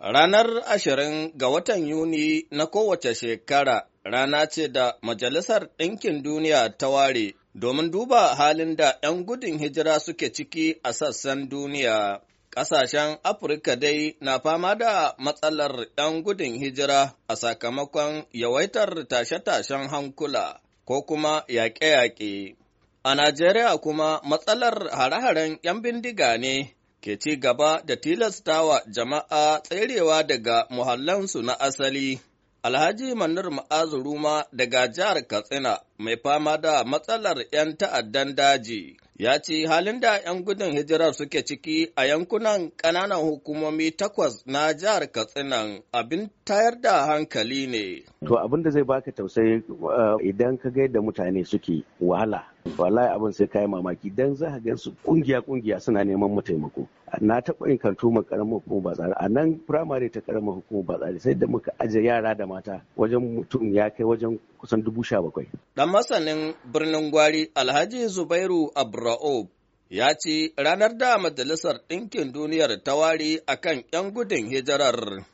Ranar ashirin ga watan Yuni na kowace shekara rana ce da Majalisar Ɗinkin Duniya ta ware domin duba halin da ‘yan gudun hijira suke ciki a sassan duniya. Ƙasashen Afirka dai na fama da matsalar ‘yan gudun hijira a sakamakon yawaitar tashe-tashen hankula ko kuma yaƙe-yaƙe. A Najeriya kuma matsalar hare-haren ‘yan bindiga ne ke ci gaba da tilastawa jama'a tserewa daga muhallansu na asali. Alhaji Manar Ma'azuruma daga jihar Katsina mai fama da matsalar ‘yan ta'addan daji ya ce halin da 'yan gudun hijirar suke ciki a yankunan ƙananan hukumomi takwas na jihar Katsina abin tayar da hankali ne. To abin da zai baka tausayi eh, idan ka ga yadda mutane suke wahala wallahi abin sai kayi mamaki dan za ka gansu kungiya kungiya suna neman mu taimako na taɓa yin kantuma karamar hukumar tsari a nan firamare ta karamar hukumar tsari sai da muka aje yara da mata wajen mutum ya kai wajen kusan dubu sha bakwai. Dan masanin birnin gwari Alhaji Zubairu Abra Ra'ub ya ce ranar da Majalisar Ɗinkin Duniyar ta ware a kan ‘yan gudun hijirar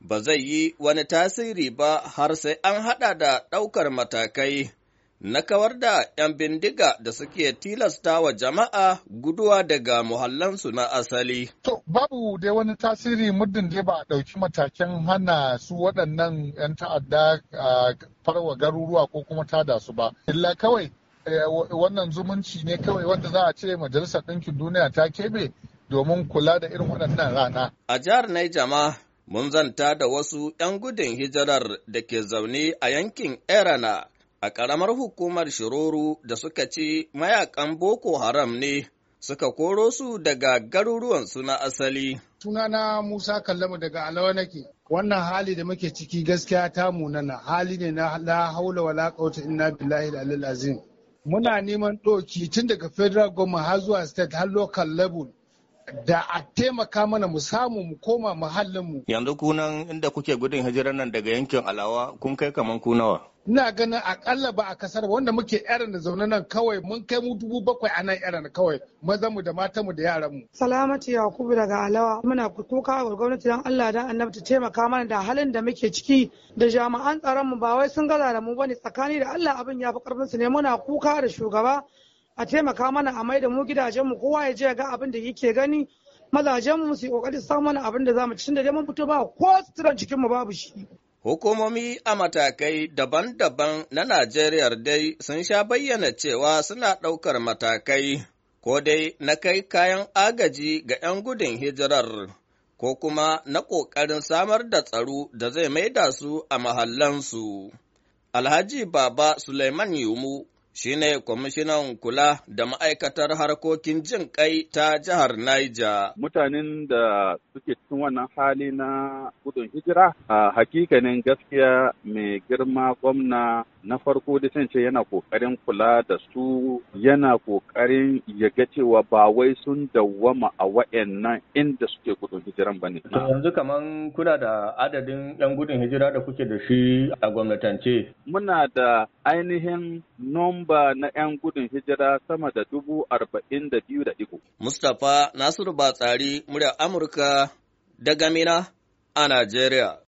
ba zai yi wani tasiri ba har sai an haɗa da ɗaukar matakai na kawar da ‘yan bindiga da suke tilasta wa jama'a guduwa daga muhallansu na asali. To, babu dai wani tasiri muddin dai ba a ɗauki matakin hana su waɗannan ‘yan ta'adda farwa garuruwa ko kuma tada su ba. Illa kawai Eh, wannan zumunci ne kawai wanda za a ce majalisar ɗinkin duniya ta keɓe domin kula da irin waɗannan rana. A jihar Naija mun zanta da wasu 'yan gudun hijirar da ke zaune a yankin Erana a ƙaramar hukumar Shiroro da suka ce mayakan Boko Haram ne suka koro su daga garuruwansu na asali. Sunana Musa Kallamu daga alawa nake. Wannan hali da muke ciki gaskiya ta munana hali ne na haula wala kauta inna billahi da azim. muna neman ɗoki tun daga federal government har zuwa state har local level da a taimaka mana mu samu mu koma muhallinmu. Yanzu kunan inda kuke gudun hijirar nan daga yankin Alawa kun kai kaman ku Ina ganin akalla ba a kasar wanda muke yaran da zaune nan kawai mun kai mu dubu bakwai a nan yaran kawai maza mu da mata mu da yaran mu. Salamatu Yakubu daga Alawa muna kuka ga gwamnati dan Allah dan Annabi ta taimaka mana da halin da muke ciki da jami'an tsaron mu ba wai sun gaza da mu bane tsakani da Allah abin ya fi karfin su ne muna kuka da shugaba a taimaka mana a mai da mu gidajenmu kowa ya je ga abin da yake gani mazajenmu su kokari su samu mana abin da zamu ci da dai mun fito ba ko suturan cikin mu babu shi Hukumomi a matakai daban-daban na Najeriya dai sun sha bayyana cewa suna ɗaukar matakai ko dai na kai kayan agaji ga 'yan gudun hijirar ko kuma na ƙoƙarin samar da tsaro da zai maida su a mahallansu. Alhaji Baba Suleiman Yumu shine kwamishinan kula da ma'aikatar harkokin jin kai ta jihar Niger. Mutanen da suke cikin wannan hali na gudun hijira a hakikanin gaskiya mai girma gwamna na farko da ce yana kokarin kula da su yana kokarin ya ga cewa ba wai sun dawwama a wa'annan inda suke gudun hijiran ba ne. yanzu kamar kuna da adadin 'yan gudun hijira da kuke da shi a gwamnatance. Muna da ainihin nom lamba na 'yan gudun hijira sama da dubu arba'in da biyu da ɗigo. Mustapha Nasiru Batsari, murya Amurka daga Mina a Najeriya.